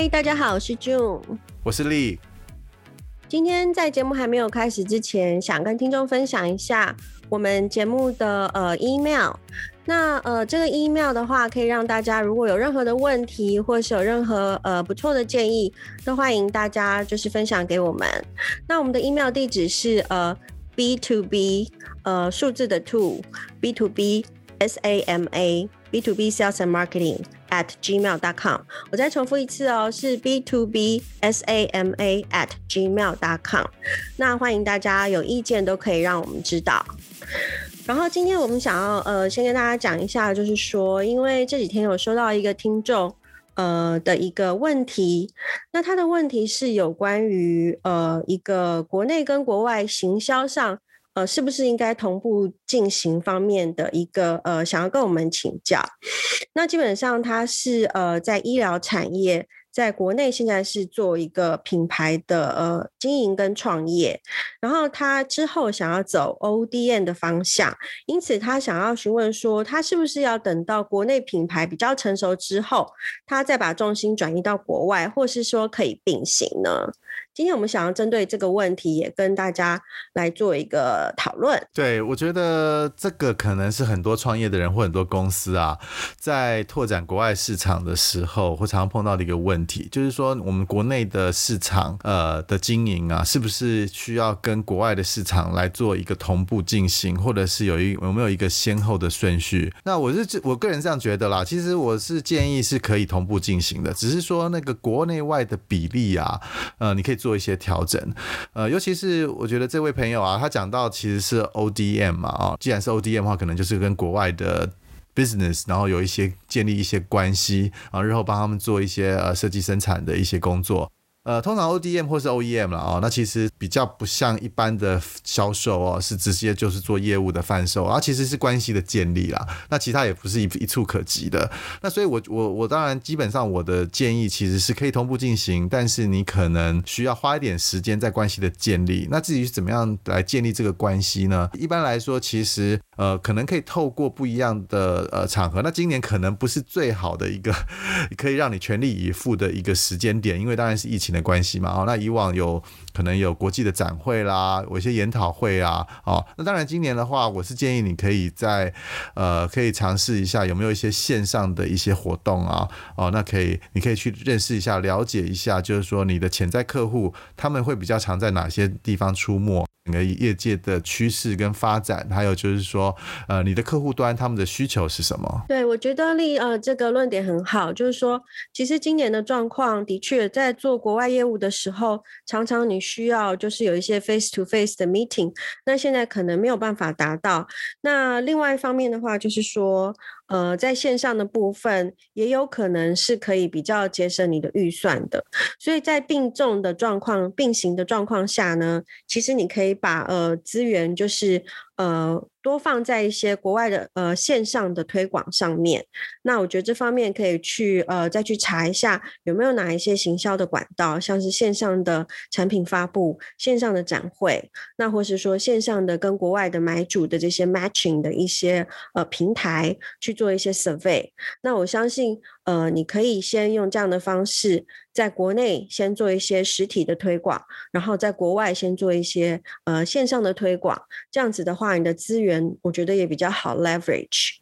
Hey, 大家好，我是 June，我是 Lee。今天在節目還沒有開始之前，想跟聽眾分享一下我們節目的呃 email。那呃這個 email 的話，可以讓大家如果有任何的問題，或是有任何呃不錯的建議，都歡迎大家就是分享給我們。那我們的 email 地址是呃 B to B 呃數字的 two B to B。S A M A B to B Sales and Marketing at gmail dot com。我再重複一次哦，是 B to B S A M A at gmail dot com。那歡迎大家有意見都可以讓我們知道。然後今天我們想要呃先跟大家講一下，就是說因為這幾天有收到一個聽眾呃的一個問題，那他的問題是有關於呃一個國內跟國外行銷上。呃，是不是應該同步進行方面的一個呃，想要跟我們請教？那基本上他是呃，在醫療產業，在國內現在是做一個品牌的呃經營跟創業，然後他之後想要走 ODM 的方向，因此他想要詢問說，他是不是要等到國內品牌比較成熟之後，他再把重心轉移到國外，或是說可以並行呢？今天我們想要針對這個問題，也跟大家來做一個討論。對，我覺得這個可能是很多創業的人或很多公司啊，在拓展國外市場的時候，會常常碰到的一個問題，就是說我們國內的市場，呃，的經營啊，是不是需要跟國外的市場來做一個同步進行，或者是有一有沒有一個先後的順序？那我是我個人這樣覺得啦，其實我是建議是可以同步進行的，只是說那個國內外的比例啊，呃，你。可以做一些調整，呃，尤其是我覺得這位朋友啊，他講到其實是 ODM 嘛，啊，既然是 ODM 的話，可能就是跟國外的 business，然後有一些建立一些關係，啊，日後幫他們做一些呃設計生產的一些工作。呃，通常 ODM 或是 OEM 了哦，那其實比較不像一般的銷售哦，是直接就是做業務的販售，而其實是關係的建立啦。那其他也不是一一觸可及的。那所以我，我我我當然基本上我的建議其實是可以同步進行，但是你可能需要花一點時間在關係的建立。那至於怎麼樣來建立這個關係呢？一般來說，其實呃可能可以透過不一樣的呃場合。那今年可能不是最好的一個可以讓你全力以赴的一個時間點，因為當然是疫情的。沒關係嘛，哦，那以往有可能有國際的展會啦，有一些研討會啊，哦，那當然今年的話，我是建議你可以在呃，可以嘗試一下有沒有一些線上的一些活動啊，哦，那可以，你可以去認識一下，了解一下，就是說你的潛在客戶他們會比較常在哪些地方出沒，整個業界的趨勢跟發展，還有就是說，呃，你的客戶端他們的需求是什麼？對，我覺得利呃這個論點很好，就是說，其實今年的狀況的確在做國外，業務的時候，常常你需要就是有一些 face to face 的 meeting，那現在可能沒有辦法達到。那另外一方面的話，就是說。呃，在線上的部分也有可能是可以比較節省你的預算的，所以在並重的狀況、並行的狀況下呢，其實你可以把呃資源就是呃多放在一些國外的呃線上的推廣上面。那我覺得這方面可以去呃再去查一下有沒有哪一些行銷的管道，像是線上的產品發布、線上的展會，那或是說線上的跟國外的買主的這些 matching 的一些呃平台去。做一些 survey，那我相信，呃，你可以先用這樣的方式，在國內先做一些實體的推廣，然後在國外先做一些呃線上的推廣，這樣子的話，你的資源我覺得也比較好 leverage。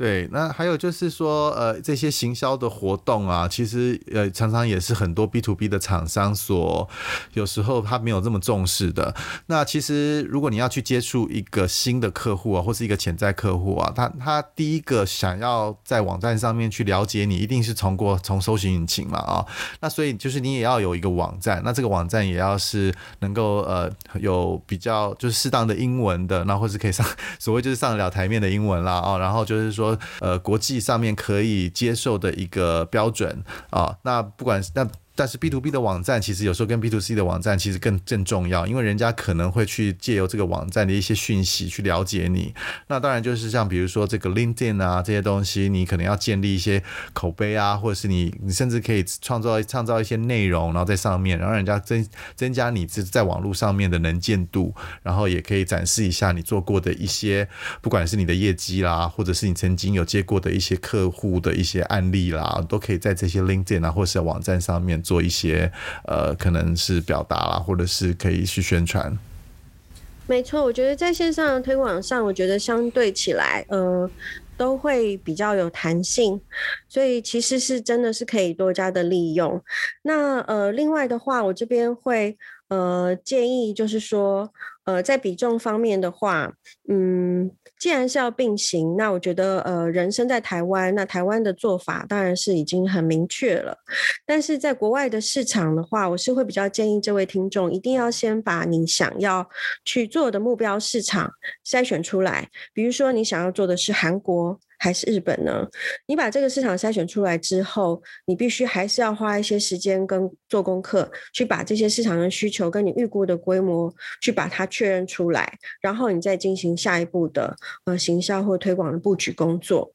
對，那還有就是說，呃，這些行銷的活動啊，其實呃，常常也是很多 B to B 的廠商所，有時候他沒有這麼重視的。那其實如果你要去接觸一個新的客戶啊，或是一個潛在客戶啊，他他第一個想要在網站上面去了解你，一定是通過從搜尋引擎嘛、喔，啊，那所以就是你也要有一個網站，那這個網站也要是能夠呃有比較就是適當的英文的，那或是可以上所謂就是上得了台面的英文啦、喔，啊，然後就是說。呃，國際上面可以接受的一個標準啊，哦，那不管是那。但是 B to B 的網站其實有時候跟 B to C 的網站其實更更重要，因為人家可能會去借由這個網站的一些訊息去了解你。那當然就是像比如說這個 LinkedIn 啊這些東西，你可能要建立一些口碑啊，或者是你你甚至可以創造創造一些內容，然後在上面，然後人家增增加你這在網絡上面的能見度，然後也可以展示一下你做過的一些，不管是你的業績啦，或者是你曾經有接過的一些客戶的一些案例啦，都可以在這些 LinkedIn 啊或者是網站上面做。做一些呃，可能是表達啦，或者是可以去宣傳。沒錯，我覺得在線上的推廣上，我覺得相對起來，呃，都會比較有彈性，所以其實是真的是可以多加的利用。那呃，另外的話，我這邊會。呃，建議就是說，呃，在比重方面的話，嗯，既然是要並行，那我覺得，呃，人生在台灣，那台灣的做法當然是已經很明確了。但是在國外的市場的話，我是會比較建議這位聽眾一定要先把你想要去做的目標市場篩選出來，比如說你想要做的是韓國，還是日本呢？你把這個市場篩選出來之後，你必須還是要花一些時間跟做功課，去把這些市場的需求跟你預估的規模去把它確認出來，然後你再進行下一步的呃行銷或推廣的布局工作。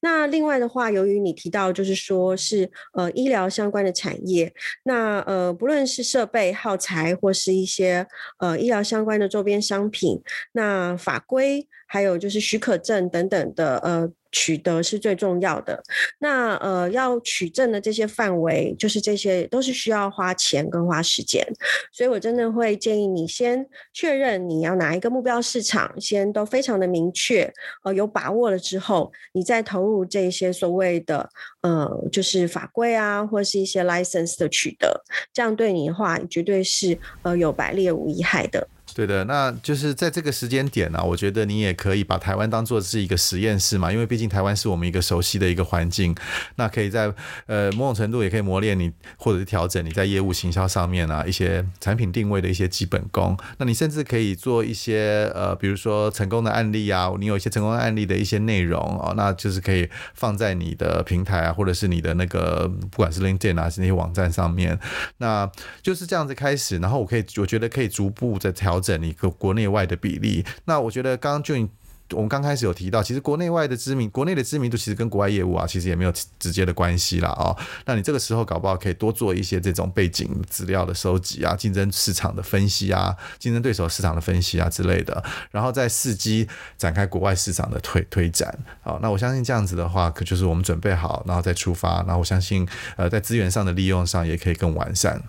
那另外的話，由於你提到就是說是呃醫療相關的產業，那呃不論是設備、耗材或是一些呃醫療相關的周邊商品，那法規還有就是許可證等等的呃。取得是最重要的。那呃，要取證的這些範圍，就是這些都是需要花錢跟花時間。所以我真的會建議你先確認你要哪一個目標市場，先都非常的明確，呃，有把握了之後，你再投入這些所謂的呃，就是法規啊，或是一些 license 的取得。這樣對你的話，絕對是呃有百利無一害的。對的，那就是在這個時間點呢、啊，我覺得你也可以把台灣當做是一個實驗室嘛，因為畢竟台灣是我們一個熟悉的一個環境，那可以在呃某種程度也可以磨練你，或者是調整你在業務行銷上面啊一些產品定位的一些基本功。那你甚至可以做一些呃比如說成功的案例啊，你有一些成功案例的一些內容啊、哦，那就是可以放在你的平台啊，或者是你的那個不管是 LinkedIn 啊是那些網站上面，那就是這樣子開始，然後我可以我覺得可以逐步的調整整一個國內外的比例，那我覺得剛剛就你我們剛開始有提到，其實國內外的知名國內的知名度其實跟國外業務啊，其實也沒有直接的關係啦、喔。啊。那你這個時候搞不好可以多做一些這種背景資料的收集啊，競爭市場的分析啊，競爭對手市場的分析啊之類的，然後再伺機展開國外市場的推推展啊。那我相信這樣子的話，可就是我們準備好，然後再出發。那我相信，呃，在資源上的利用上也可以更完善。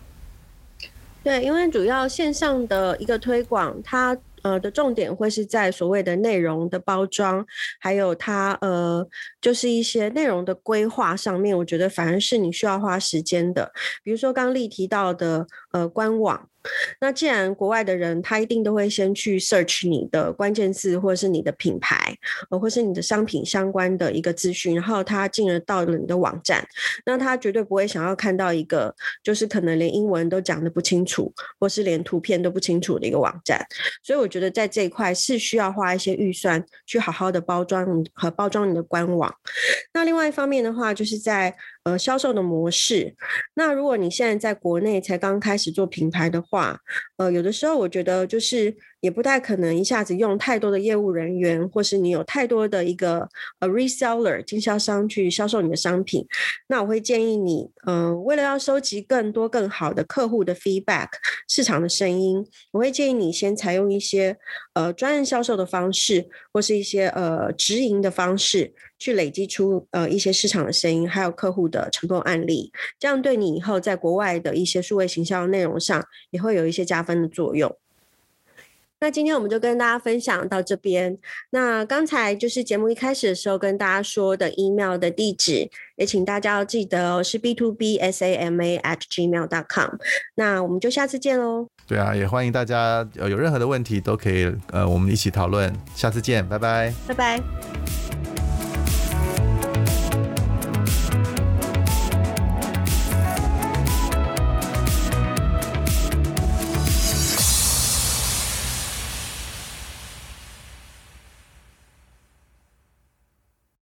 對，因為主要線上的一個推廣，它呃的重點會是在所謂的內容的包裝，還有它呃就是一些內容的規劃上面。我覺得反而是你需要花時間的，比如說剛剛麗提到的。呃，官網。那既然國外的人，他一定都會先去 search 你的關鍵字，或者是你的品牌，呃，或是你的商品相關的一個資訊。然後他進而到了你的網站，那他絕對不會想要看到一個就是可能連英文都講得不清楚，或是連圖片都不清楚的一個網站。所以我覺得在這一塊是需要花一些預算去好好的包裝和包裝你的官網。那另外一方面的話，就是在。呃，銷售的模式。那如果你現在在國內才剛開始做品牌的話。呃，有的時候我覺得就是也不太可能一下子用太多的業務人員，或是你有太多的一個呃 reseller 經銷商去銷售你的商品。那我會建議你，嗯、呃，為了要收集更多更好的客戶的 feedback 市場的聲音，我會建議你先採用一些呃專業銷售的方式，或是一些呃直營的方式，去累積出呃一些市場的聲音，還有客戶的成功案例。這樣對你以後在國外的一些數位行銷的內容上也會有一些加分。分的作用。那今天我們就跟大家分享到這邊。那剛才就是節目一開始的時候跟大家說的 email 的地址，也請大家要記得哦，是 b two b s a m a at gmail dot com。那我們就下次見嘍。對啊，也歡迎大家有任何的問題都可以呃我們一起討論。下次見，拜拜，拜拜。